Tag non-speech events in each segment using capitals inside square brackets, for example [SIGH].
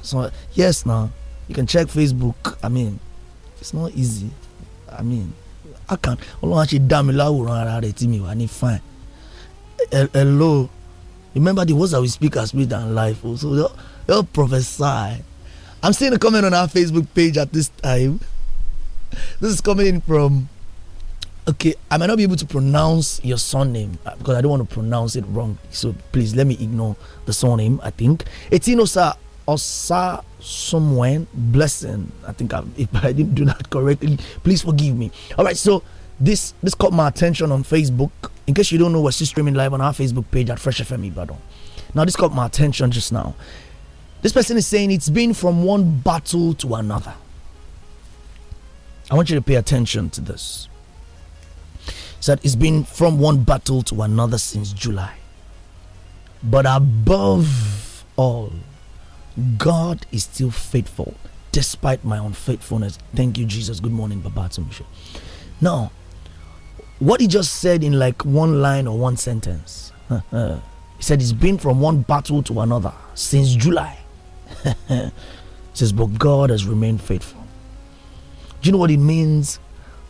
so yes now you can check facebook i mean it's not easy i mean i can ọlọ́run á ṣe dá mi láwòrán ara rẹ̀ tí mi wà ní fine hello remember the words that we speak as we and life So, don't, prophesy i'm seeing a comment on our facebook page at this time this is coming from okay i might not be able to pronounce your surname because i don't want to pronounce it wrong so please let me ignore the surname i think sir. Osa someone blessing. I think I, if I didn't do that correctly, please forgive me. All right, so this this caught my attention on Facebook. In case you don't know, we're still streaming live on our Facebook page at Fresh FM Ibadan. Now this caught my attention just now. This person is saying it's been from one battle to another. I want you to pay attention to this. Said it's been from one battle to another since July. But above all, God is still faithful despite my unfaithfulness. Thank you, Jesus. Good morning, Baba Tumisha. Now, what he just said in like one line or one sentence, [LAUGHS] he said it's been from one battle to another since July. [LAUGHS] says, but God has remained faithful. Do you know what it means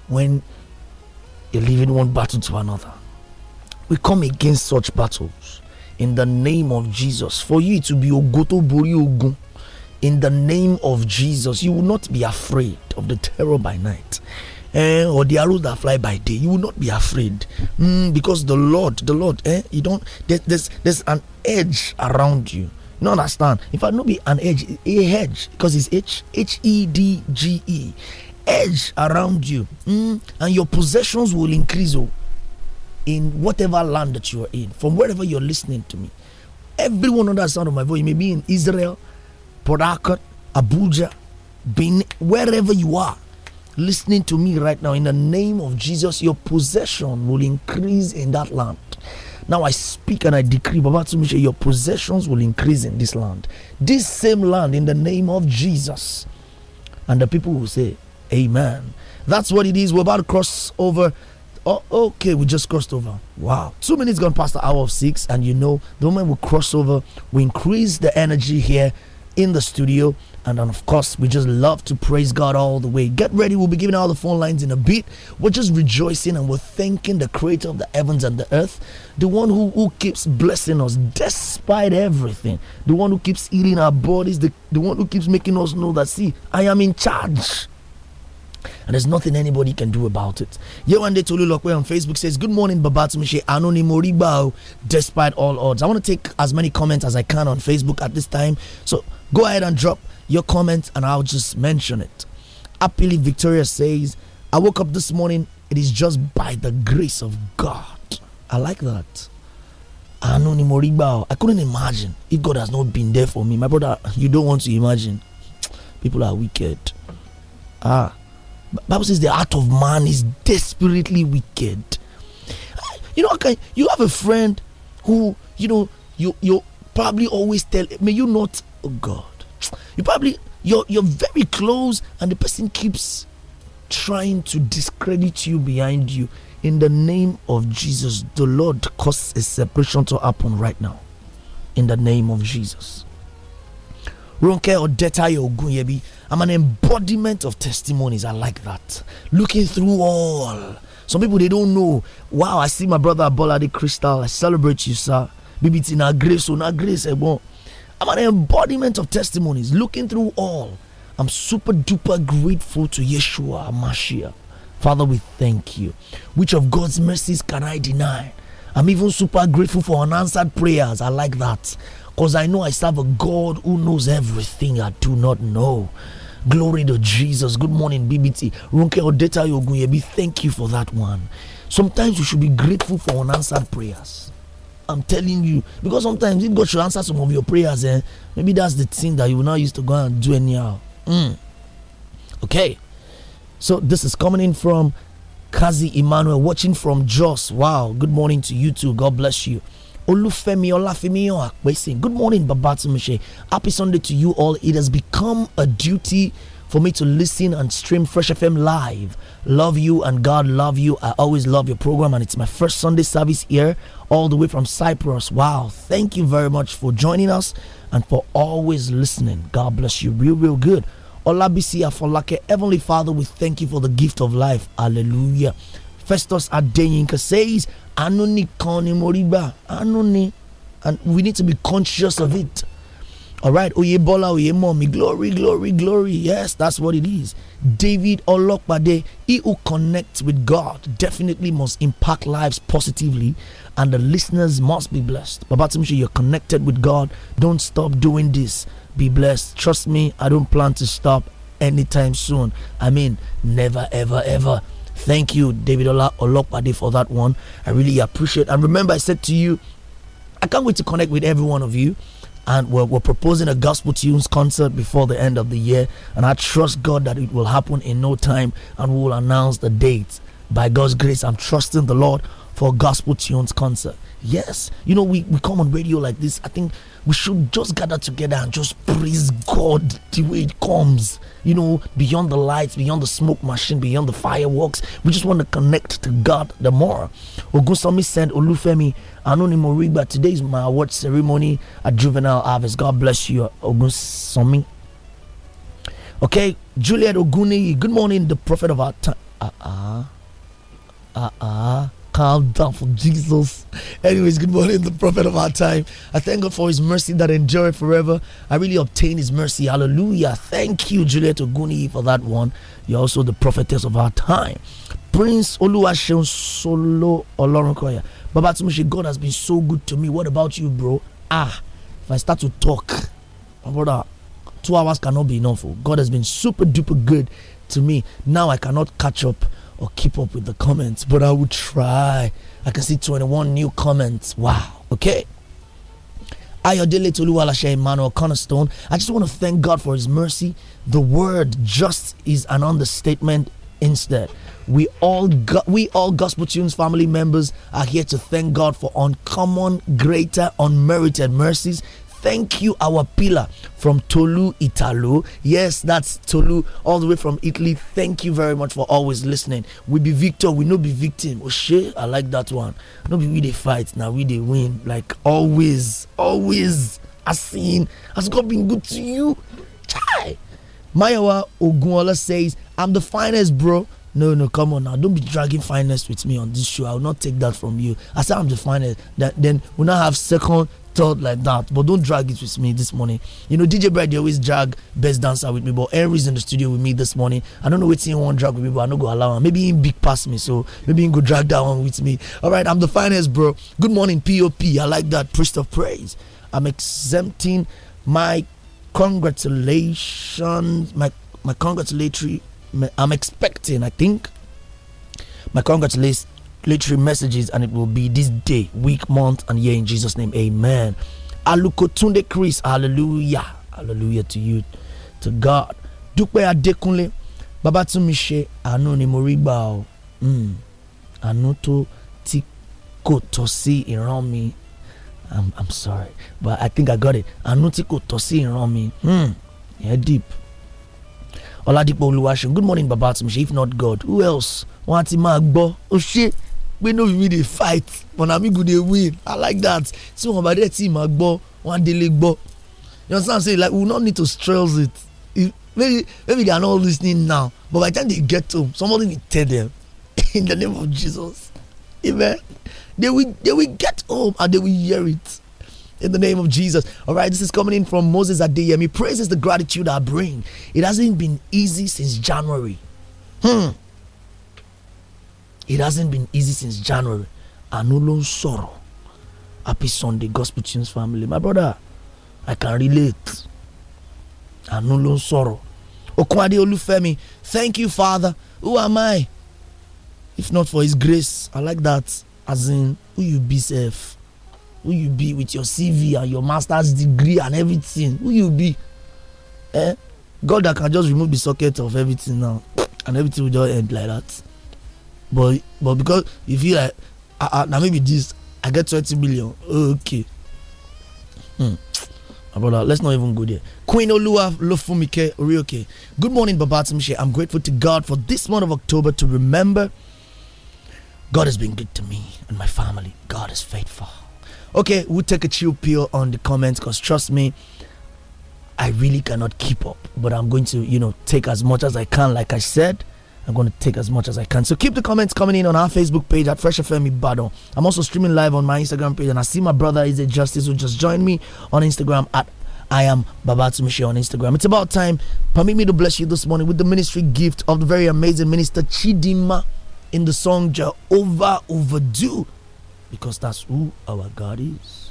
when you're leaving one battle to another? We come against such battle in the name of Jesus. For you to be Ogoto Bori Ogun in the name of Jesus. You will not be afraid of the terror by night. Eh, or the arrows that fly by day, you will not be afraid, mm, because the Lord, the Lord, eh, you don't. There, there's there's an edge around you. You no understand? In fact, not be an edge, a hedge, because it's H H E D G E, edge around you, mm, and your possessions will increase. Oh, in whatever land that you are in, from wherever you're listening to me. Everyone on that sound of my voice, you may be in Israel, Port Harcourt, Abuja, Benin, wherever you are, listening to me right now, in the name of Jesus, your possession will increase in that land. Now I speak and I decree, Baba Tumisha, your possessions will increase in this land. This same land, in the name of Jesus. And the people will say, Amen. That's what it is. We're about to cross over Oh, okay, we just crossed over. Wow. Two minutes gone past the hour of six, and you know, the moment we cross over, we increase the energy here in the studio. And then, of course, we just love to praise God all the way. Get ready, we'll be giving all the phone lines in a bit. We're just rejoicing and we're thanking the creator of the heavens and the earth, the one who, who keeps blessing us despite everything, the one who keeps healing our bodies, the, the one who keeps making us know that, see, I am in charge and there's nothing anybody can do about it. Yewande Tolulokwe on Facebook says, Good morning, Babatumshe Anoni Moribao, despite all odds. I want to take as many comments as I can on Facebook at this time. So go ahead and drop your comments and I'll just mention it. Happily Victoria says, I woke up this morning, it is just by the grace of God. I like that. Anoni Moribao. I couldn't imagine if God has not been there for me. My brother, you don't want to imagine. People are wicked. Ah, Bible says the heart of man is desperately wicked. You know, okay, you have a friend who you know you you probably always tell. May you not, oh God, you probably you're you're very close, and the person keeps trying to discredit you behind you. In the name of Jesus, the Lord cause a separation to happen right now. In the name of Jesus. Ronke Odetayo Ogunyebi. I'm an embodiment of testimonies. I like that. Looking through all. Some people they don't know. Wow, I see my brother Bolade Crystal. I celebrate you, sir. BBT na grace, so oh, na grace, ebon. Eh, I'm an embodiment of testimonies. Looking through all. I'm super duper grateful to Yeshua Mashiach. Father, we thank you. Which of God's mercies can I deny? I'm even super grateful for unanswered prayers. I like that. Because I know I serve a God who knows everything I do not know. Glory to Jesus. Good morning, BBT. Runke Odeta Yogunyebi, thank you for that one. Sometimes you should be grateful for unanswered prayers. I'm telling you. Because sometimes if God should answer some of your prayers, eh, maybe that's the thing that you will not used to go and do anyhow. Mm. Okay. So this is coming in from Kazi Emmanuel, watching from Joss. Wow. Good morning to you too. God bless you. Olufemi Olafemi Akbesin. Good morning, Babatsumishe. Happy Sunday to you all. It has become a duty for me to listen and stream Fresh FM live. Love you and God love you. I always love your program, and it's my first Sunday service here, all the way from Cyprus. Wow, thank you very much for joining us and for always listening. God bless you, real, real good. Olabisi Afolake, Heavenly Father, we thank you for the gift of life. Hallelujah. Festus Adeyinka says, àánú nìkan ni mo rí gbà àánú ni and we need to be conscious of it alright oyebola mommy. glory glory glory yes that's what it is david olopade he who connects with god definitely must impact lives positively and the listeners must be blessed make sure you're connected with god don't stop doing this be blessed trust me i don't plan to stop anytime soon i mean never ever ever Thank you, David Ola Olopade, for that one. I really appreciate. And remember, I said to you, I can't wait to connect with every one of you. And we're, we're proposing a gospel tunes concert before the end of the year. And I trust God that it will happen in no time. And we will announce the date. By God's grace, I'm trusting the Lord for gospel tunes concert. Yes, you know, we, we come on radio like this. I think we should just gather together and just praise God the way it comes. You know, beyond the lights, beyond the smoke machine, beyond the fireworks. We just want to connect to God the more. Ogusami sent Olufemi Anonimo Rigba. Today is my award ceremony at Juvenile Harvest. God bless you, Ogusami. Okay, Juliet Oguni. Good morning, the prophet of our time. Uh-uh. Ah, uh-uh. Ah. Ah, calm down for Jesus. Anyways, good morning, the prophet of our time. I thank God for his mercy that endureth forever. I really obtain his mercy. Hallelujah. Thank you, Juliet Oguni, for that one. You're also the prophetess of our time. Prince Oluwaseun Solo Olorunkoya. Baba Tumushi, God has been so good to me. What about you, bro? Ah, if I start to talk, my brother, two hours cannot be enough. Oh. God has been super duper good to me. Now I cannot catch up or keep up with the comments, but I will try. I can see 21 new comments. Wow. Okay. Ayodele Toluwalashe Emmanuel Cornerstone. I just want to thank God for His mercy. The word "just" is an understatement. Instead, we all we all Gospel Tunes family members are here to thank God for uncommon, greater, unmerited mercies Thank you, our pillar from Tolu Italo. Yes, that's Tolu, all the way from Italy. Thank you very much for always listening. We be victor, we no be victim. Oshe, oh, I like that one. No be we they fight, now we they win. Like always, always. As seen, has God been good to you? Chai. Mayawa Ogunola says, I'm the finest, bro. No, no, come on now. Don't be dragging finest with me on this show. I will not take that from you. I said I'm the finest. That then we now have second, thought like that. But don't drag it with me this morning. You know, DJ Bride, they always drag best dancer with me, but Henry's in the studio with me this morning. I don't know what he won't drag with me, but I don't go allow him. Maybe he big past me, so maybe he go drag that one with me. All right, I'm the finest, bro. Good morning, POP. I like that. Priest of praise. I'm exempting my congratulations, my my congratulatory. I'm expecting, I think, my congratulations literary messages, and it will be this day, week, month, and year in Jesus' name. Amen. Alukotunde Chris, hallelujah. Hallelujah to you, to God. Dúpẹ́ Adékúnlé, bàbá tún mi ṣe àánú ni mo rí ọ́. Hmm. Àánú tó tí kò tọ́ I'm, I'm sorry, but I think I got it. Àánú tí kò tọ́ hmm, yeah, deep. Ọládìpọ̀ Oluwashin. good morning bàbá tún if not God, who else? Wọ́n magbo ti ó ṣe pé no be me dey fight but na me go dey win i like that tí wọn bá dé tí màá gbọ́ wọn délé gbọ́ you i'm saying like we no need to stress it if maybe maybe they are not listening now but by the time they get home somebody will tell them [LAUGHS] in the name of jesus amen they will they will get home and they will hear it in the name of Jesus. All right, this is coming in from Moses Adeyemi. Praise is the gratitude I bring. It hasn't been easy since January. Hmm it hasn't been easy since January. Anulo sorrow. Happy Sunday, Gospel Tunes family. My brother, I can relate. Anulo sorrow. Okwade Olufemi, thank you, Father. Who am I? If not for His grace, I like that. As in, who you be, self? Who you be with your CV and your master's degree and everything? Who you be? Eh? God that can just remove the socket of everything now, and everything will just end like that but but because you feel like ah, ah now maybe this i get twenty million okay hmm. my brother let's not even go there queen olua lofumike orioke good morning babatunde i'm grateful to god for this month of october to remember god has been good to me and my family god is faithful okay we'll take a chill pill on the comments because trust me i really cannot keep up but i'm going to you know take as much as i can like i said I'm going to take as much as I can. So keep the comments coming in on our Facebook page at Fresh FM Ibadan. I'm also streaming live on my Instagram page, and I see my brother is a justice who just joined me on Instagram at I am Babatsumishi on Instagram. It's about time. Permit me to bless you this morning with the ministry gift of the very amazing minister Chidima in the song Jehovah Overdue, because that's who our God is.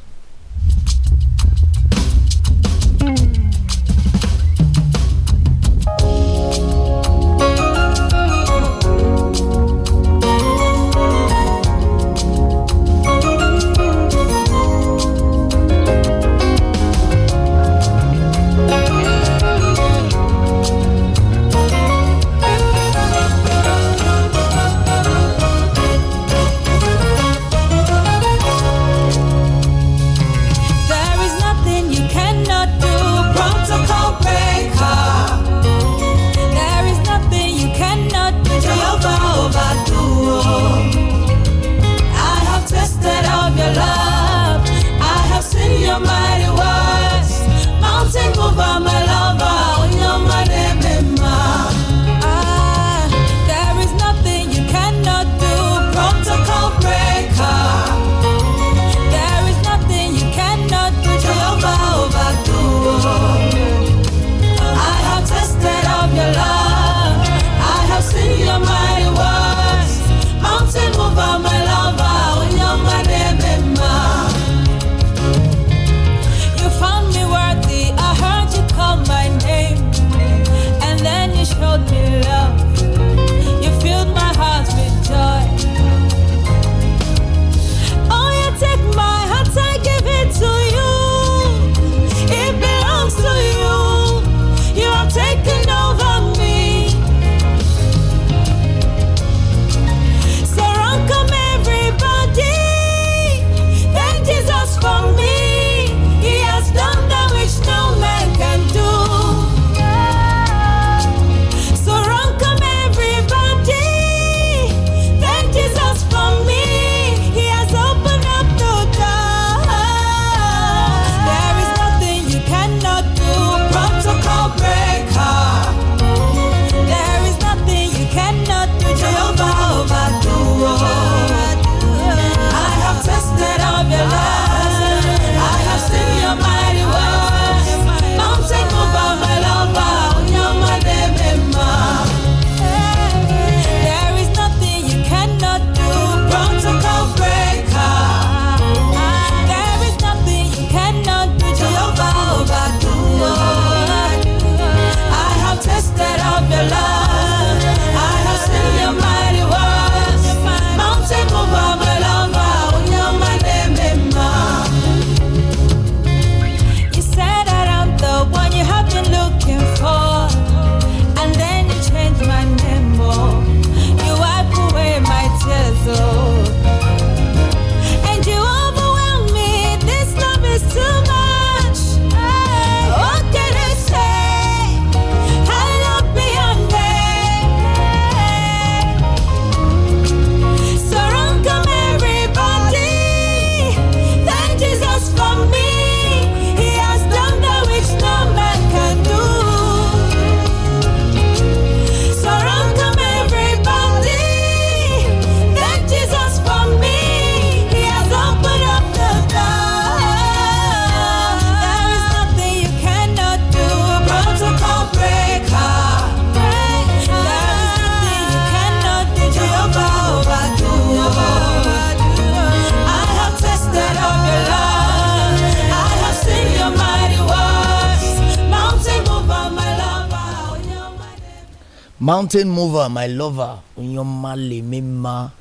mountain mover, my lover.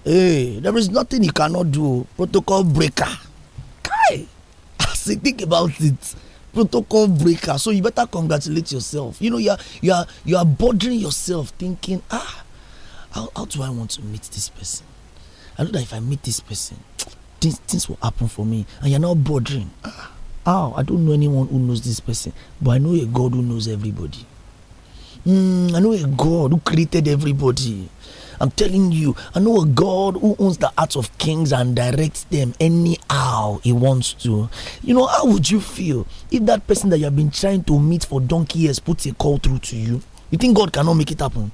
Hey, there is nothing you cannot do. Protocol breaker. Kai, as [LAUGHS] you think about it, protocol breaker. So you better congratulate yourself. You know, you are you are you are bothering yourself, thinking, ah, how, how do I want to meet this person? I know that if I meet this person, [TSK] things things will happen for me. And you're not bothering. Ah, oh, I don't know anyone who knows this person, but I know a God who knows everybody. Mm, I know a God who created everybody. I'm telling you, I know a God who owns the hearts of kings and directs them anyhow he wants to. You know, how would you feel if that person that you have been trying to meet for donkey years puts a call through to you? You think God cannot make it happen?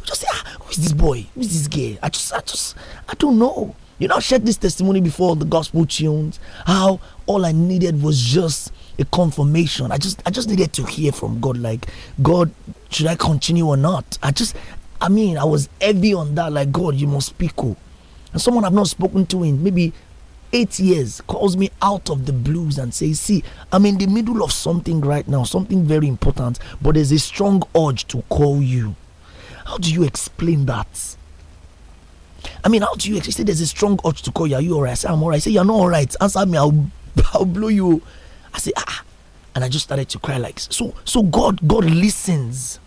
You just say, ah, who is this boy? Who is this girl? I just, I just, I don't know. You know, I shared this testimony before the gospel tunes. How all I needed was just a confirmation. I just, I just needed to hear from God. Like God should I continue or not? I just, I mean, I was heavy on that. Like, God, you must speak. Oh. And someone I've not spoken to in maybe eight years calls me out of the blues and says, See, I'm in the middle of something right now, something very important, but there's a strong urge to call you. How do you explain that? I mean, how do you explain? There's a strong urge to call you. Are you all right? I say, I'm all right. I say, You're not all right. Answer me. I'll, [LAUGHS] I'll blow you. I say, ah, ah. And I just started to cry like so. So God, God listens.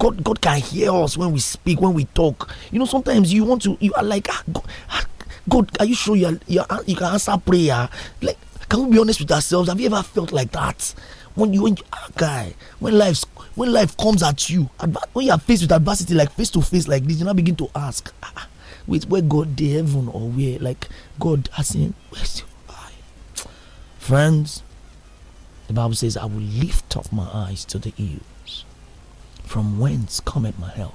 God, God can hear us when we speak, when we talk. You know, sometimes you want to, you are like, ah, God, ah, God are you sure you, are, you, are, you can answer prayer? Like, can we be honest with ourselves? Have you ever felt like that? When you, when you ah, guy, when life, when life comes at you, when you are faced with adversity, like face to face, like this, you now begin to ask, ah, ah wait, where God, the heaven, or where, like, God asking, where's your eye? Friends, the Bible says, I will lift up my eyes to the hill from whence cometh my help?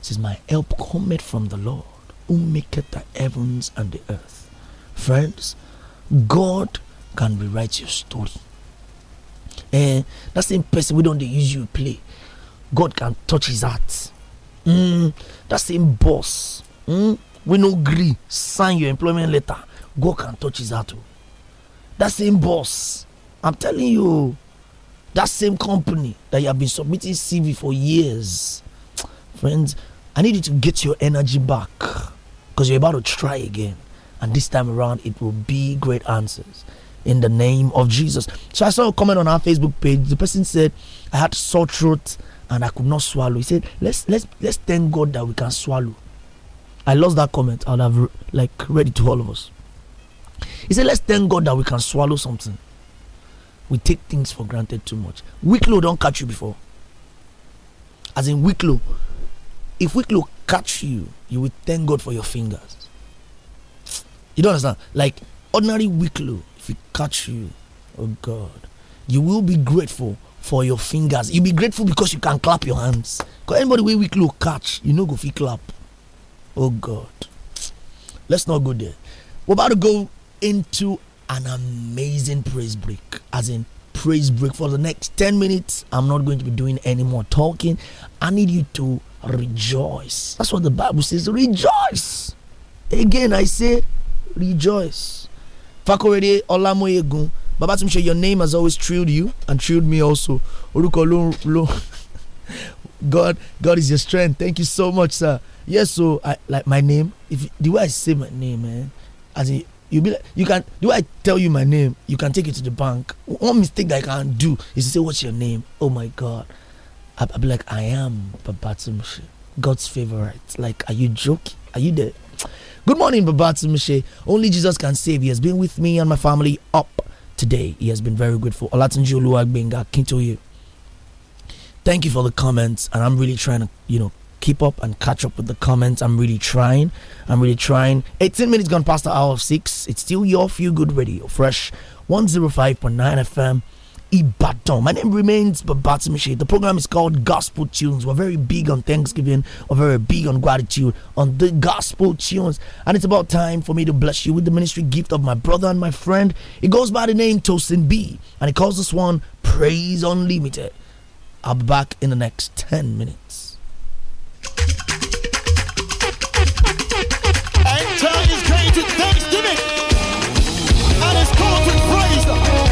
Since says, My help cometh from the Lord, who maketh the heavens and the earth. Friends, God can rewrite your story. And eh, that same person we don't use you play. God can touch his heart. Mm, that same boss. Mm, we no agree. Sign your employment letter. God can touch his heart. Oh. That same boss. I'm telling you that same company that you have been submitting CV for years. Friends, I need you to get your energy back because you're about to try again. And this time around, it will be great answers in the name of Jesus. So I saw a comment on our Facebook page. The person said, I had sore throat and I could not swallow. He said, Let's let's let's thank God that we can swallow. I lost that comment. I'll have like read it to all of us. He said, Let's thank God that we can swallow something we take things for granted too much. Wicklow don't catch you before. As in Wicklow, if Wicklow catch you, you will thank God for your fingers. You don't understand? Like ordinary Wicklow, if it catch you, oh God, you will be grateful for your fingers. You'll be grateful because you can clap your hands. Because anybody with Wicklow catch, you know go fi clap. Oh God. Let's not go there. We're about to go into an amazing praise break. As in, praise break for the next 10 minutes. I'm not going to be doing any more talking. I need you to rejoice. That's what the Bible says rejoice. Again, I say rejoice. Fakorede Olamoyegun. Baba sure your name has always thrilled you and thrilled me also. [LAUGHS] God, God is your strength. Thank you so much, sir. Yes, so I like my name. If the way I say my name, man, eh, as in you be like, you can do I tell you my name? You can take it to the bank. One mistake that I can do is to say, What's your name? Oh my god. I'll, I'll be like, I am Babatunde, God's favorite. Like, are you joking? Are you there? Good morning, Babatunde. Only Jesus can save. He has been with me and my family up today. He has been very grateful. Olatunji Kinto Kintoye. Thank you for the comments, and I'm really trying to, you know, keep up and catch up with the comments. I'm really trying. I'm really trying. 18 minutes gone past the hour of six. It's still your feel good radio, fresh 105.9 FM. Ibadan. My name remains Babatimishi. The program is called Gospel Tunes. We're very big on Thanksgiving, we're very big on gratitude, on the Gospel Tunes. And it's about time for me to bless you with the ministry gift of my brother and my friend. It goes by the name Tosin B, and he calls this one Praise Unlimited. I'll be back in the next 10 minutes.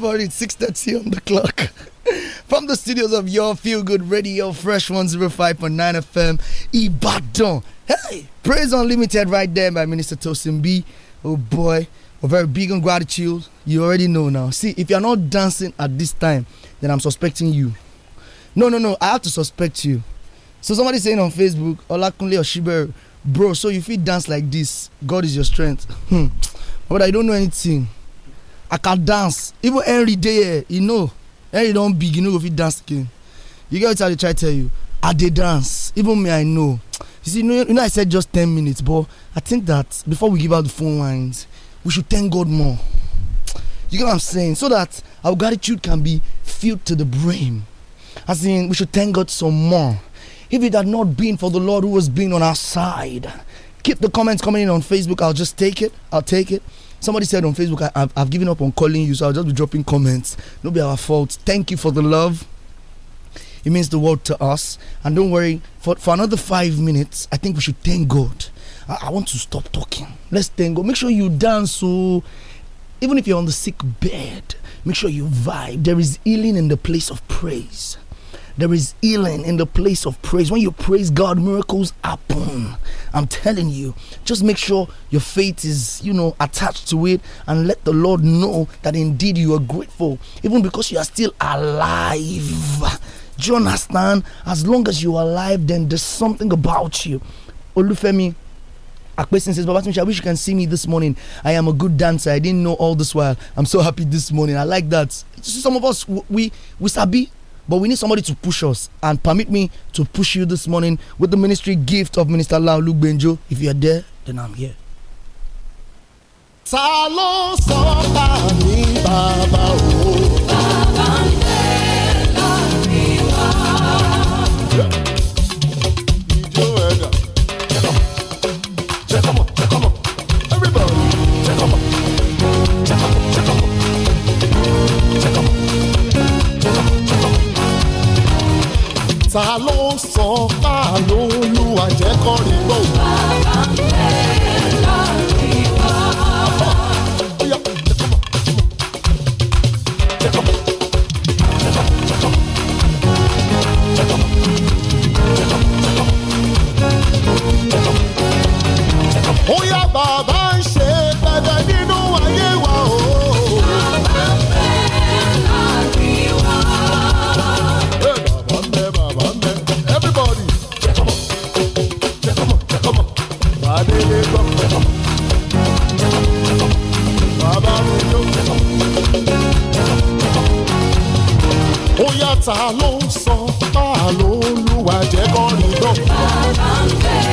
minutes for it. 6.30 on the clock. [LAUGHS] From the studios of Your Feel Good Radio, Fresh 105.9 FM, Ibadan. Hey, Praise Unlimited right there by Minister Tosin B. Oh boy, a very big on gratitude. You already know now. See, if you're not dancing at this time, then I'm suspecting you. No, no, no, I have to suspect you. So somebody saying on Facebook, Olakunle Oshiberu, bro, so if you dance like this, God is your strength. Hmm. But I don't know anything i can dance even every day, you know every don't begin no go fit dance again you get what i try to tell you i did dance even me i know you see you know, you know i said just ten minutes but i think that before we give out the phone lines we should thank god more you get what i'm saying so that our gratitude can be filled to the brim as in we should thank god some more if it had not been for the lord who was being on our side keep the comments coming in on facebook i'll just take it i'll take it Somebody said on Facebook, I, have given up on calling you, so I'll just be dropping comments. No be our fault. Thank you for the love. It means the world to us. And don't worry, for, for another five minutes, I think we should thank God. I, I want to stop talking. Let's thank God. Make sure you dance. So, oh. even if you're on the sick bed, make sure you vibe. There is healing in the place of praise. There is healing in the place of praise. When you praise God, miracles happen. I'm telling you, just make sure your faith is, you know, attached to it and let the Lord know that indeed you are grateful, even because you are still alive. Do you understand? As long as you are alive, then there's something about you. Olufemi, a question says, "Baba, I wish you can see me this morning. I am a good dancer. I didn't know all this while. I'm so happy this morning. I like that. Some of us, we, we sabi but we need somebody to push us. And permit me to push you this morning with the ministry gift of Minister Lau Luke Benjo. If you're there, then I'm here. ta ló mi bàbá o. ta ló ń sọ páàlú olúwa jẹ́ kọ́ rí gbọ́. bàbá mi ẹ̀ lọ́rí wá. Oya baba. adélé gbọ́. Bàbá mi ló. Ó yàtà ń sọ, báà ló ń lùwà jẹ́ kọ́rin náà. Bàbá ń bẹ̀.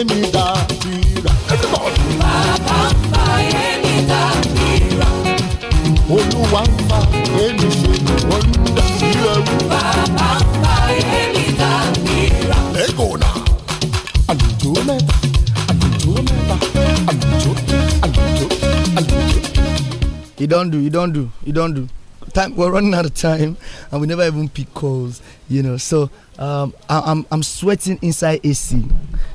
ayé mi dà bìrà. bàbá ń fa ayé mi dà bìrà. olúwa ń fa èmi ṣe olùdá do You don't do You don't do. time we're running out of time and we never even pick calls you know so um, I, I'm, I'm sweating inside ac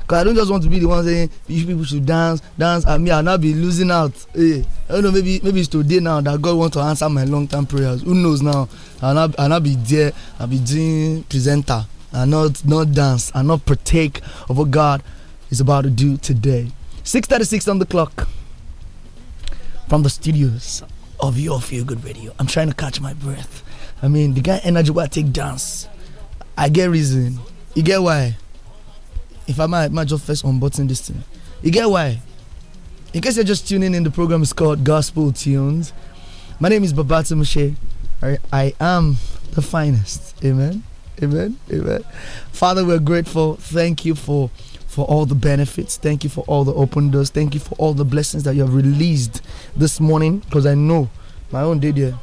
Because I don't just want to be the one saying you people should dance, dance, and me I'll not be losing out. Hey, I don't know, maybe maybe it's today now that God wants to answer my long term prayers. Who knows now? I'll not, I'll not be there, I'll be doing presenter and not not dance and not partake of what God is about to do today. 6:36 on the clock from the studios of Your Feel Good Radio. I'm trying to catch my breath. I mean, the guy energy where I take dance. I get reason. You get why? if I might, might just first unbutton this thing. You get why? In case you're just tuning in, the program is called Gospel Tunes. My name is Babata Mushe. I, am the finest. Amen. Amen. Amen. Father, we're grateful. Thank you for for all the benefits. Thank you for all the open doors. Thank you for all the blessings that you have released this morning. Because I know my own did here.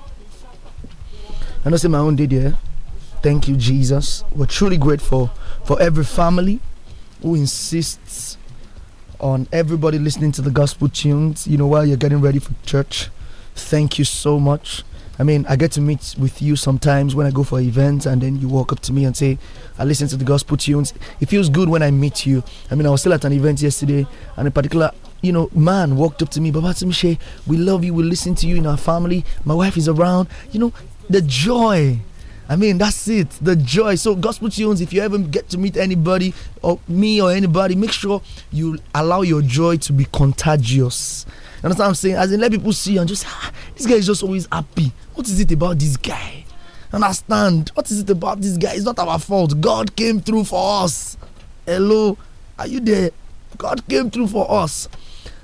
I know say my own did here. Thank you, Jesus. We're truly grateful for every family, who insists on everybody listening to the gospel tunes, you know, while you're getting ready for church. Thank you so much. I mean, I get to meet with you sometimes when I go for events, and then you walk up to me and say, I listen to the gospel tunes. It feels good when I meet you. I mean, I was still at an event yesterday, and a particular you know, man walked up to me, Baba Timshe, we love you, we listen to you in our family. My wife is around. You know, the joy I mean, that's it. The joy. So, Gospel Tunes, if you ever get to meet anybody or me or anybody, make sure you allow your joy to be contagious. You understand what I'm saying? As in, let people see and just, ah, this guy is just always happy. What is it about this guy? Understand? What is it about this guy? It's not our fault. God came through for us. Hello? Are you there? God came through for us.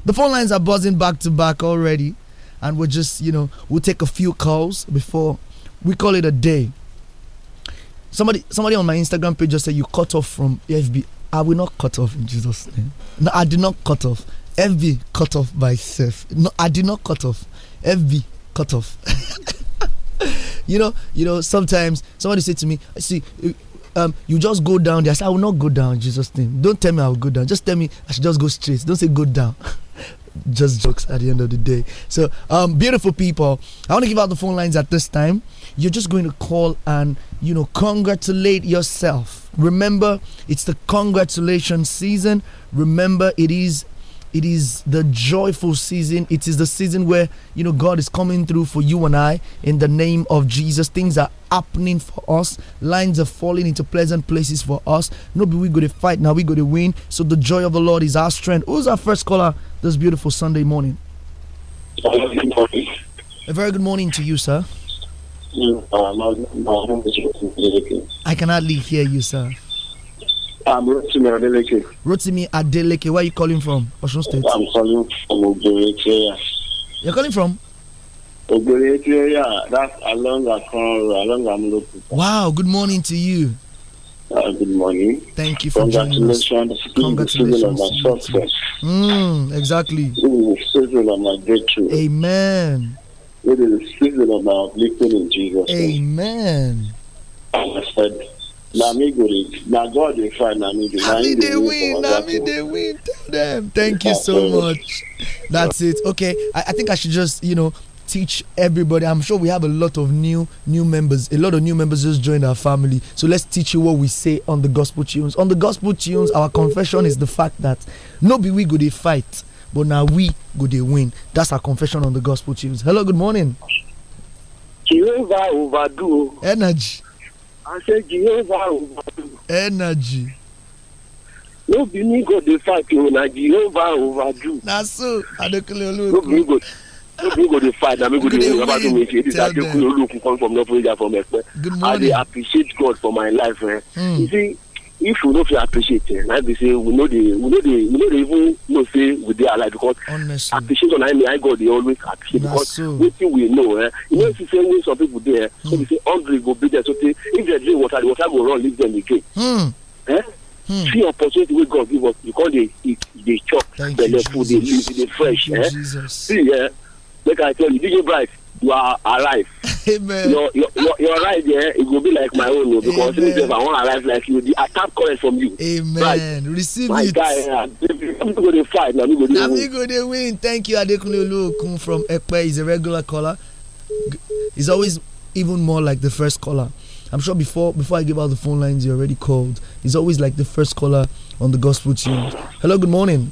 The phone lines are buzzing back to back already. And we're just, you know, we'll take a few calls before we call it a day. Somebody, somebody on my Instagram page just said you cut off from FB. I will not cut off in Jesus' name. No, I did not cut off. FB cut off by self. No, I did not cut off. FB cut off. [LAUGHS] you know, you know. Sometimes somebody said to me, "See, um, you just go down there. I, said, I will not go down, Jesus' name. Don't tell me I will go down. Just tell me I should just go straight. Don't say go down. [LAUGHS] just jokes at the end of the day. So, um, beautiful people, I want to give out the phone lines at this time. You're just going to call and you know congratulate yourself. Remember, it's the congratulations season. Remember, it is it is the joyful season it is the season where you know god is coming through for you and i in the name of jesus things are happening for us lines are falling into pleasant places for us no but we go to fight now we go to win so the joy of the lord is our strength who's our first caller this beautiful Sunday morning. A very good morning to you, sir. Mm, uh, I can hardly hear you, sir. I'm Rotimi Adeleke. Rotimi Adeleke, where are you calling from? Osun State. I'm calling from Ogbere You're calling from? Ogbere That's along Akron, along Amlopu. Wow, good morning to you. Uh, good morning. Thank you for Congratulations. joining us. Congratulations. On my success. Mm, exactly. On my victory. Amen. It is the season of my uplifting in Jesus' Amen. I said, na me go god is fight na me dey na me win na me win tell them thank you so much that's it okay I, I think i should just you know teach everybody. I'm sure we have a lot of new new members. A lot of new members just joined our family. So let's teach you what we say on the gospel tunes. On the gospel tunes, our confession is the fact that no be we go they fight, but now we go they win. That's our confession on the gospel tunes. Hello, good morning. Energy. I said Jehovah Energy. No be me go dey fight o na Jehovah overdo. Na so No be me go we go dey fight and we go dey about to make it is adekunle olokun come from north asia from ekpe i dey appreciate god for my life eh mm. you see if we no fit appreciate eh na be say we no dey we no dey we no dey even know say we dey alive because Honestly. appreciation na me i god dey always appreciate That's because so. wetin we know eh you know if you say when some people dey eh mm. so be say hungry go be there so say if dem drink water the water go run leave dem again. Mm. Eh? Hmm. see opportunity wey God give us because they dey chop belle food dey live dey fresh eh see eh make i tell you dj bright you are alive. [LAUGHS] amen your your your, your there yeah, it go be like my own o oh, because me sef i wan arrive like you the attack current from you. amen right. receive my it my guy na me go dey fight na me go dey win. na me go dey win thank you adekunle olokun from Epe, he's a regular caller he's always even more like the first caller. I'm sure before before I give out the phone lines, you already called. He's always like the first caller on the gospel tune. Hello, good morning.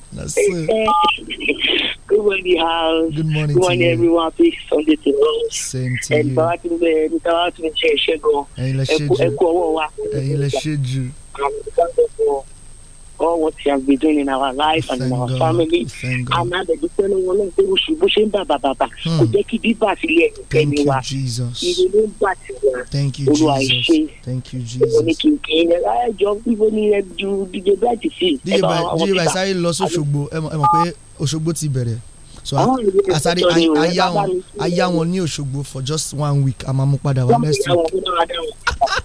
That's it. Good morning, house. Good morning, Good morning everyone. Peace Sunday to all. Same to and you. And Bawa Tumi Cheshego. And lẹ ṣe jù. And lẹ ṣe jù all what he has been doing in our life and Thank in our family. And now the depend on one pé oṣù bó ṣe ń bà bàbà bà kò jẹ́ kí bíbà sí ilé ẹ̀jẹ̀ ni wa ìdílé ń bà sí wa olúwa ìṣe oníkìkì ẹjọ́ bíbó ni ẹ ju díje bá ti sí. díje bá sáré lọ sóṣogbo ẹ mọ̀ pé Òṣogbo ti bẹ̀rẹ̀ so I, aya wọn aya wọn ní Òṣogbo for just one week a máa mú padà wá next week.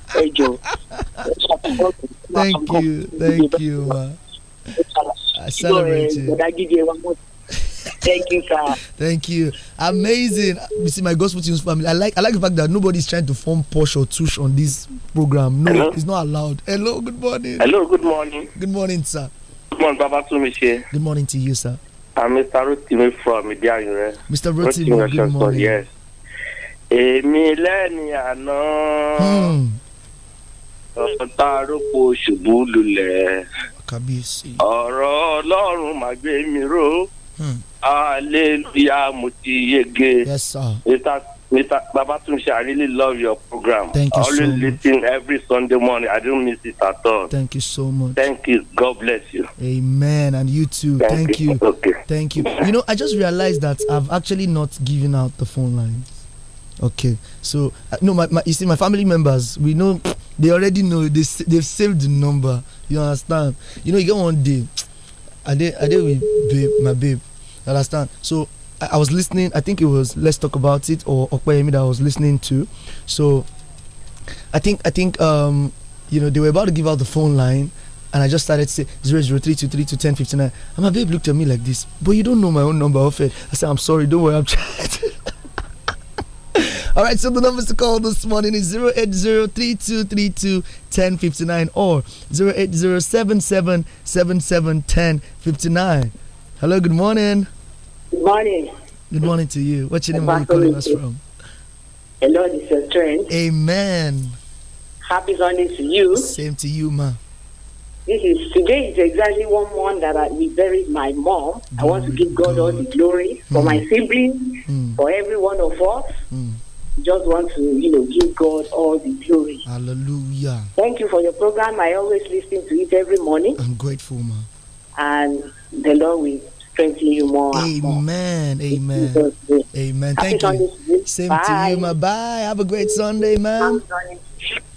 thank you thank you ma i celebrate you. Thank you, sir. Thank you. Amazing. You see, my gospel tunes family. I like I like the fact that nobody's trying to form push or tush on this program. No, Hello? it's not allowed. Hello, good morning. Hello, good morning. Good morning, sir. Good morning, Baba Tumishi. Good morning to you, sir. I'm uh, Mr. Rotimi from Idiayunre. Mr. Rotimi, good morning. Yes. Èmi lẹ́ni àná hmm. ọ̀tá arópo ṣubú lulẹ̀. Ọ̀rọ̀ Ọlọ́run máa gbé mi ró. Hmm. Hallelujah mo ti yege. Yes, sir. Mr. Mr. Babatunde, I really love your program. Thank you I always so listen every Sunday morning. I don't miss it at all. Thank you so much. Thank you. God bless you. Amen. And you too. Thank, Thank you. you. Okay. Thank you. You know, I just realized that I've actually not given out the phone lines. Okay. So, uh, no, my, my you see, my family members, we know, they already know, they, they've saved the number. You understand? You know, you get one day, I did, I did with babe, my babe. You understand? So, I was listening. I think it was Let's Talk About It or Okweyemi that I was listening to. So I think I think um, you know they were about to give out the phone line, and I just started to say zero zero three two three two ten fifty nine. And my babe looked at me like this, but you don't know my own number of it. I said I'm sorry. Don't worry, I'm trying. [LAUGHS] All right, so the numbers to call this morning is 08032321059 or 08077771059. Hello, good morning. Good morning. Good morning to you. What's your name? Where are you calling us from? Hello, Lord is your Amen. Happy Sunday to you. Same to you, ma. This is today is exactly one month that I, we buried my mom. Glory I want to give God, God. all the glory for mm. my hmm. siblings, mm. for every one of us. Mm. Just want to, you know, give God all the glory. Hallelujah. Thank you for your program. I always listen to it every morning. I'm grateful, ma. And the Lord will strengthen you more. Amen. Amen. More. Amen. Thank Happy you. Sunday. Same Bye. to you, my. Bye. Have a great Sunday, man.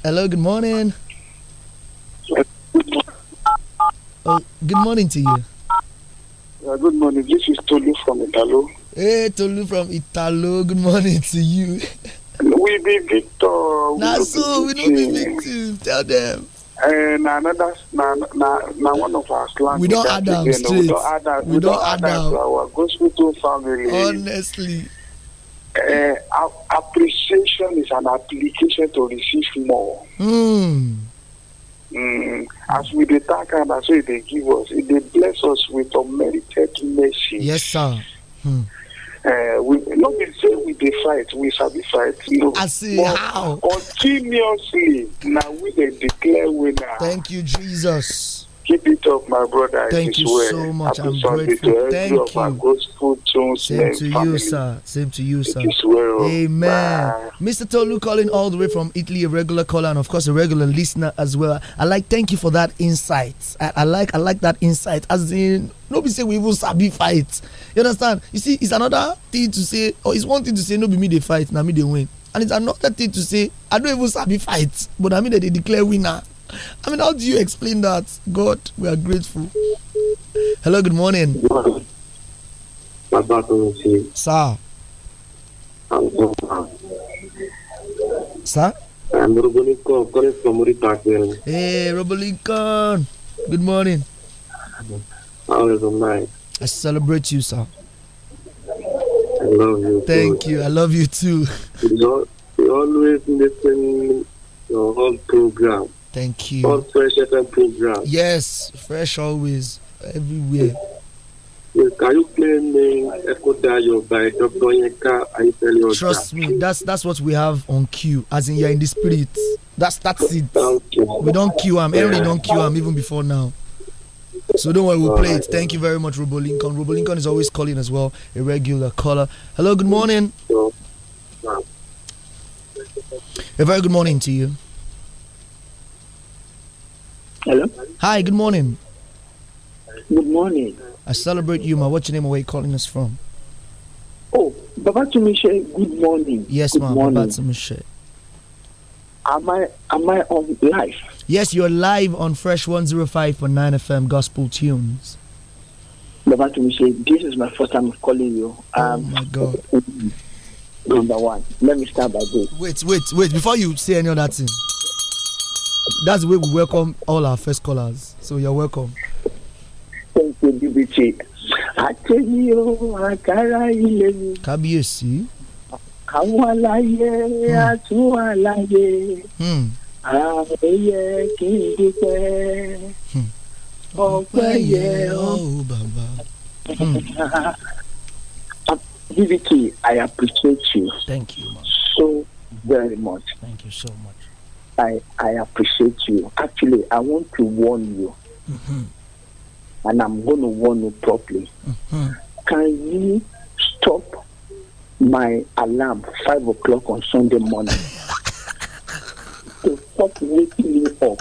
Hello. Good morning. Oh, good morning to you. Yeah, good morning. This is Tolu from Italo. Hey, Tolu from Italo. Good morning to you. we be victor. We nah, so be we don't be victim. Tell them. Eh, And another, now, now, now one of our slang. We don't add our straight. We don't add our, we don't add our gospel family. Honestly. Uh, appreciation is an application to receive more. Mm. Mm. As we dey thank am na so e dey give us, e dey bless us with unmerited mercy. Yes, sir. Mm. uh, we no be say we dey fight we sabi fight no i see but continuously na we dey declare winner. thank you jesus. Keep it up, my brother. Thank you so much. Happy I'm Sunday grateful. Thank you. Same to family. you, sir. Same to you, sir. Amen. Bye. Mr. Tolu calling all the way from Italy, a regular caller and of course a regular listener as well. I like thank you for that insight. I, I like I like that insight. As in nobody say we even sabi fight. You understand? You see, it's another thing to say, or it's one thing to say, nobody me they fight, now me they win. And it's another thing to say, I don't even sabi fight, but I mean that they declare winner. I mean, how do you explain that? God, we are grateful. Hello, good morning. Eh, good morning. Sir. Sir? I'm Robolinko, calling from Muritak. Hey, Robolinko. Good morning. How is it, night? I celebrate you, sir. I love you. Thank too. you. I love you too. You, you always listen your whole program. Thank you. On Fresh FM program. Yes, fresh always, everywhere. Yes, can you play me Echo Dayo by Dr. Yenka Trust me, that's that's what we have on cue. As in, you're in the spirit. That's that's it. We don't queue him. Everybody don't queue him even before now. So don't worry, we'll play it. Thank you very much, Robo Lincoln. Robo Lincoln is always calling as well, a regular caller. Hello, good morning. A very good morning to you. Hello. Hi. Good morning. Good morning. I celebrate you, my. What's your name? Where you calling us from? Oh, Baba Tumishe. Good morning. Yes, good Morning. Baba Tumishe. Am I am I on live? Yes, you're live on Fresh 105.9 FM Gospel Tunes. Baba Tumishe, this is my first time calling you. Oh um, oh my God. Number one. Let me start by this. Wait, wait, wait. Before you say any other thing that's the way we welcome all our first callers. So you're welcome. Thank you, DBT. kábíyèsí. àwọn aláyẹ hmm. àtún aláyẹ hmm. ààrẹ yẹ kí n dúpẹ́ hmm. ọpẹ́ yẹ ọ. DBT, I appreciate you. Thank you. So very much. Thank you so much. I, I appreciate you. Actually, I want to warn you. Mm-hmm. And I'm going to warn you properly. Mm-hmm. Can you stop my alarm 5 o'clock on Sunday morning? [LAUGHS] to stop waking you up.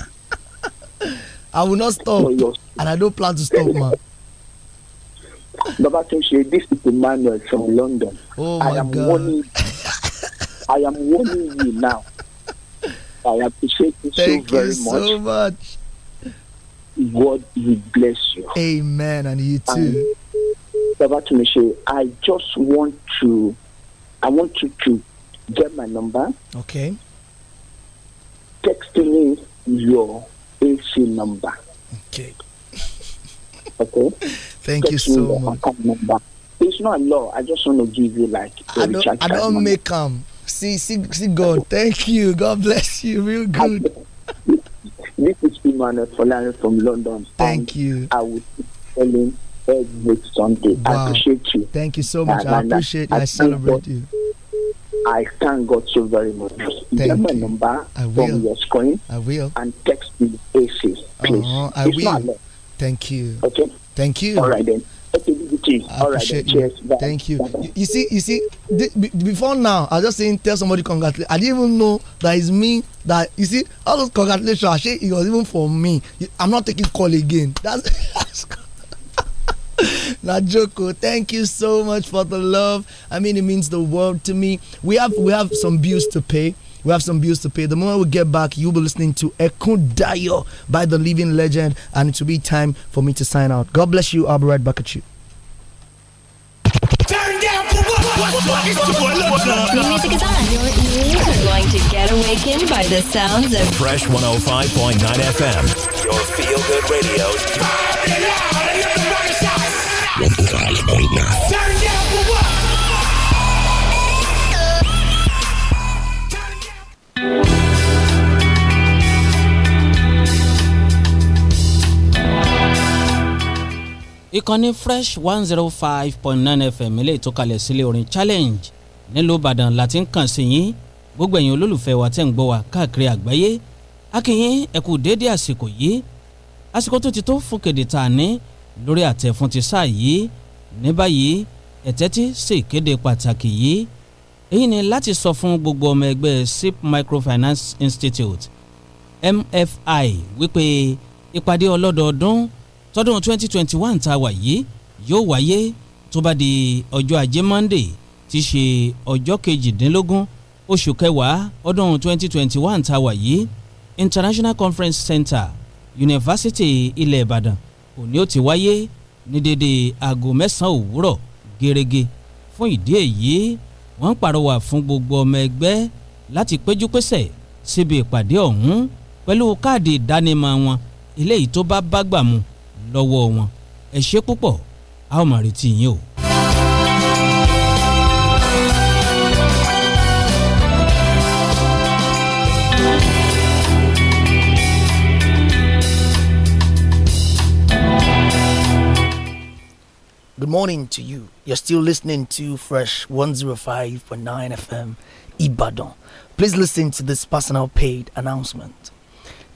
I will not stop. And I don't plan to stop, man. Baba Kinshi, this is Emmanuel from London. Oh, my I am God. Warning, I am warning you now. [LAUGHS] I appreciate you Thank so very you so much. God will bless you. Amen. And you too. And, I just want to, I want you to get my number. Okay. Text me your AC number. Okay. [LAUGHS] okay. Thank Text you so much. Number. It's not law. I just want to give you like. I don't, I don't make them. Um, See, see, see God. Thank you. God bless you. Real good. this is Emmanuel from London. Thank you. I will tell him every Sunday. Wow. I appreciate you. Thank you so much. And I appreciate I, you. I, I celebrate God, you. I thank God so very much. Thank Get my you. number I will. from your screen. I will. And text me the AC, please. Uh -huh. I it's will. Thank you. Okay. Thank you. All right then. All right. you. Thank you. you. You see, you see, the, before now, I was just saying, tell somebody congratulations. I didn't even know that it's me. That you see, all those congratulations. Actually, it was even for me. I'm not taking call again. That's. that's [LAUGHS] Najoko, oh. thank you so much for the love. I mean, it means the world to me. We have we have some bills to pay we have some bills to pay. The moment we get back, you'll be listening to Ekundayo by the living legend, and it will be time for me to sign out. God bless you. I'll be right back at you. Turn down for what? What? What is the boy Music is on. Your ears are going to get awakened by the sounds of Fresh 105.9 FM. Your feel good radio. Turn it up. ìkànnì fresh one zero oh five point nine fm ilé ìtúkalẹ̀ sílé orin challenge nílùú ìbàdàn láti ń kàn sí yín gbogbo ẹ̀yin olólùfẹ́ wa tẹ̀ ń gbọ́ wa káàkiri àgbáyé akínyìn ẹ kú déédé àsìkò yìí àsìkò tó ti tó fún kéde tá a ní lórí àtẹ̀ fún ti sáà yìí ní báyìí ẹ tẹ́tí sí ìkéde pàtàkì yìí èyí ni láti sọ fún gbogbo ọmọ ẹgbẹ́ sip microfinance institute mfi wípé ìpàdé ọlọ́dọọdún tọdún twenty twenty one tá a wà yìí yóò wáyé tó bá di ọjọ́ ajé monday ti ṣe ọjọ́ kejìdínlógún oṣù kẹwàá ọdún twenty twenty one tá a wà yìí international conference center yunifásitì ilẹ̀ ìbàdàn òní ó ti wáyé ní dédé aago mẹ́sàn-án òwúrọ̀ gẹ́rẹ́gẹ́ fún ìdí èyí wọ́n ń pàrọwà fún gbogbo ọmọ ẹgbẹ́ láti péjúpésẹ̀ síbi ìpàdé ọ̀hún pẹ̀lú káàdì ìdánimọ̀ wọn eléyìí tó bá bá gbà mu lọ́wọ́ wọn ẹ ṣe púpọ̀ a ó máa retí yín o. Good morning to you. You're still listening to Fresh 105.9 FM Ibadan. Please listen to this personal paid announcement.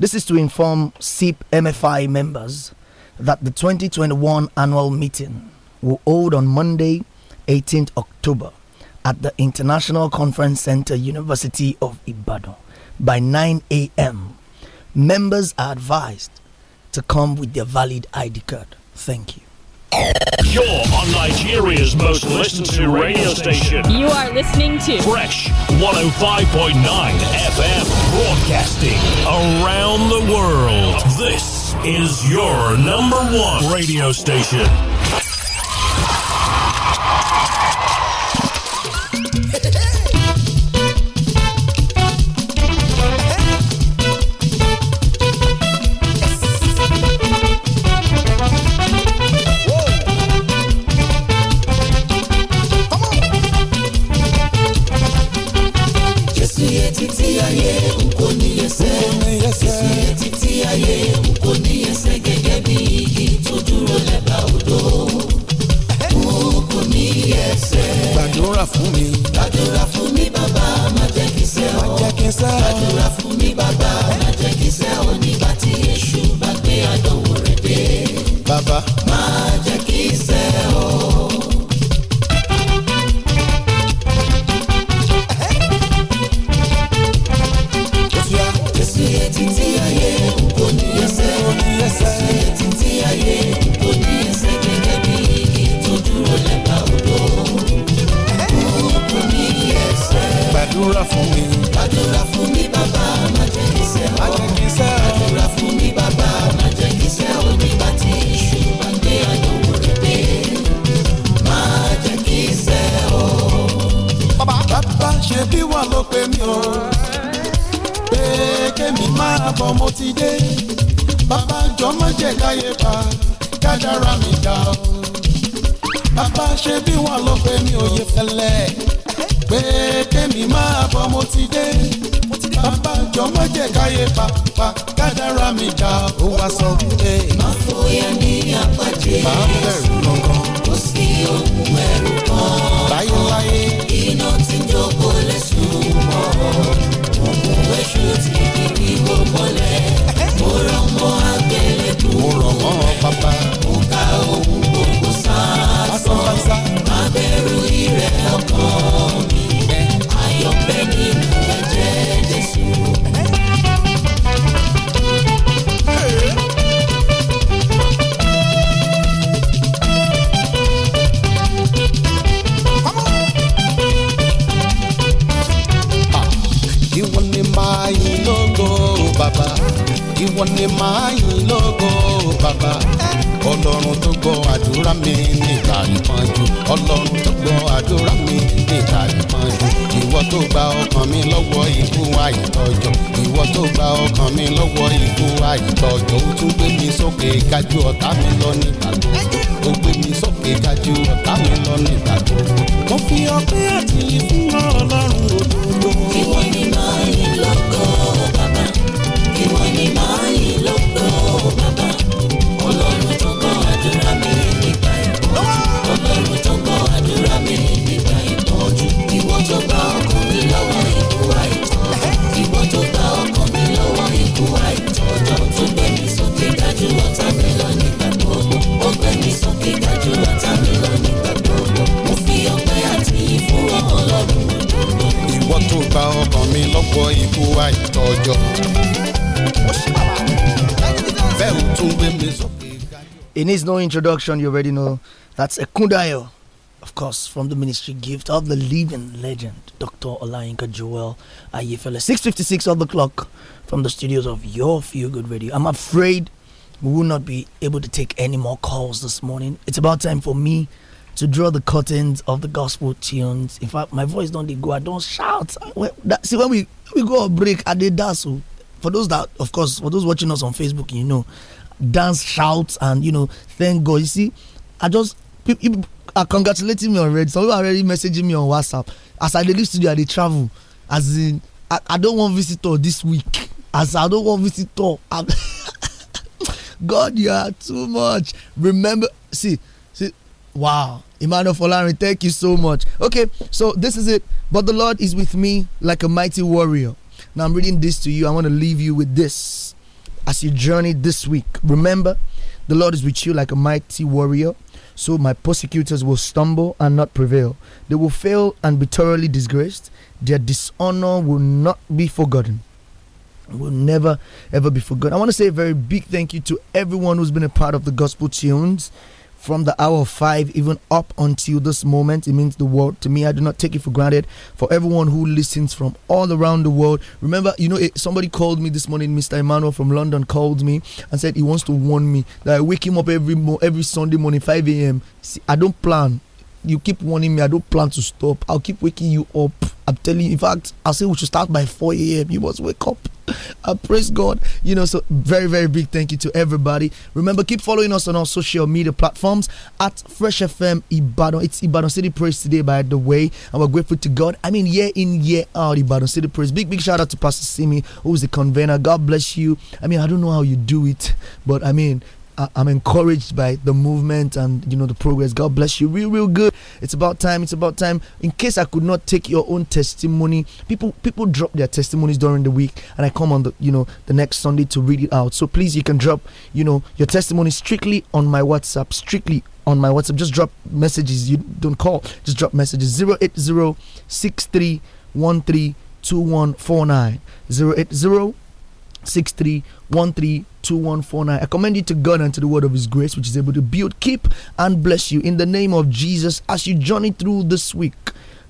This is to inform SIP MFI members that the 2021 annual meeting will hold on Monday, 18th October at the International Conference Center, University of Ibadan by 9 a.m. Members are advised to come with their valid ID card. Thank you. You're on Nigeria's most listened to radio station. You are listening to Fresh 105.9 FM broadcasting around the world. This is your number one radio station. dára mi dá o. bàbá ṣe bí wọn ló pe mi òye fẹlẹ pé kémi máa bọ̀ mo ti dé bàbá jọ má jẹ́ káyé pàpà kádàrá mi dá o wá sọ pé. má fòyà ní àpàjẹ́ èso kò sí ohun ẹ̀rù kan. láyéláyé iná tí ń jókòó lè sùn mọ́ ohun èṣù tí kìkì kò bọ́lẹ̀ mo rọ̀ mọ́ àgbélébùú. mo rọ̀ mọ́ bàbá. ìwọ ni màá yìn lógo bàbá ọlọ́run tó gbọ́ àdúrà mi níta ìpọ́njú ọlọ́run tó gbọ́ àdúrà mi níta ìpọ́njú ìwọ tó gba ọkàn mi lọ́wọ́ ikú àìtọ́jọ́ ìwọ tó gba ọkàn mi lọ́wọ́ ikú àìtọ́jọ́ ó tún gbé mi sókè kájú ọ̀tá mi lọ nígbà gbogbo ó gbé mi sókè kájú ọ̀tá mi lọ nígbà gbogbo. mo fi ọpẹ́ àtìyí fún ọlọ́run òdodo. ìwọ ni gba ọkàn mi lọ́pọ̀ ikú àìtọ́jọ́. bẹ́ẹ̀ ò tún gbé mi It needs no introduction, you already know. That's Ekundayo, of course, from the ministry gift of the living legend, Dr. Olayinka Joel Ayefele. 6.56 of the clock from the studios of Your Feel Good Radio. I'm afraid we will not be able to take any more calls this morning. It's about time for me to draw the curtains of the gospel tunes. In fact, my voice don't go. I don't shout. see, when we we go on break, I did dance. Oh. for those that, of course, for those watching us on Facebook, you know, dance, shout, and you know, thank God. You see, I just people are congratulating me already. Some people are already messaging me on WhatsApp. As I leave studio, I travel. As in, I, I don't want visitor this week. As I don't want visitor. [LAUGHS] God, you are too much. Remember, see Wow. Emmanuel Folarin, thank you so much. Okay, so this is it. But the Lord is with me like a mighty warrior. Now I'm reading this to you. I want to leave you with this as you journey this week. Remember, the Lord is with you like a mighty warrior. So my persecutors will stumble and not prevail. They will fail and be thoroughly disgraced. Their dishonor will not be forgotten will never ever be forgotten. I want to say a very big thank you to everyone who's been a part of the Gospel Tunes from the hour of five, even up until this moment. It means the world to me. I do not take it for granted. For everyone who listens from all around the world, remember, you know, somebody called me this morning. Mr. Emmanuel from London called me and said he wants to warn me that I wake him up every every Sunday morning, 5 a.m. I don't plan you keep warning me. I don't plan to stop. I'll keep waking you up. I'm telling you. In fact, I'll say we should start by 4 a.m. You must wake up. [LAUGHS] I praise God. You know, so very, very big thank you to everybody. Remember, keep following us on our social media platforms at Fresh FM Ibadan. It's Ibadan City Praise today, by the way. And we're grateful to God. I mean, year in, year out, Ibadan City Praise. Big, big shout out to Pastor Simi, who's the convener. God bless you. I mean, I don't know how you do it, but I mean, I, am encouraged by the movement and you know the progress. God bless you, real, real good. It's about time. It's about time. In case I could not take your own testimony, people people drop their testimonies during the week, and I come on the you know the next Sunday to read it out. So please, you can drop you know your testimony strictly on my WhatsApp, strictly on my WhatsApp. Just drop messages. You don't call. Just drop messages. Zero eight zero six three one three two one four nine zero eight zero six three one three 2149. I commend you to God and to the word of His grace, which is able to build, keep, and bless you in the name of Jesus as you journey through this week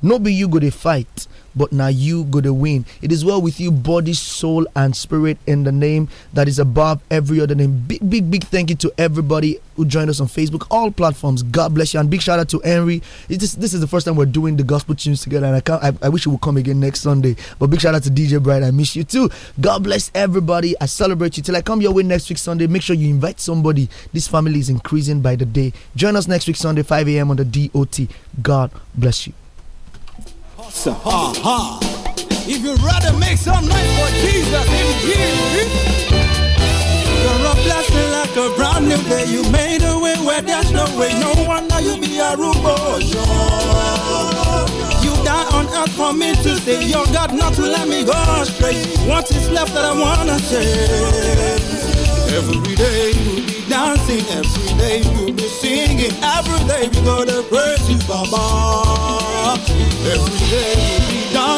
no be you go to fight but now you go to win. It is well with you, body, soul, and spirit, in the name that is above every other name. Big, big, big thank you to everybody who joined us on Facebook, all platforms. God bless you, and big shout out to Henry. Just, this is the first time we're doing the gospel tunes together, and I can't. I, I wish you would come again next Sunday. But big shout out to DJ Bright. I miss you too. God bless everybody. I celebrate you till I come your way next week Sunday. Make sure you invite somebody. This family is increasing by the day. Join us next week Sunday, 5 a.m. on the DOT. God bless you. So, ha ha. If you'd rather make some noise for Jesus in you, you're a blessing like a brand new day. You made a way where there's no way. No one. Now you be a robot die on earth for me to you Your God not to let me go astray. What is left that I wanna say? Every day we'll be dancing, every day we'll be singing, every day we gonna praise you, Baba. Every day we'll be dancing.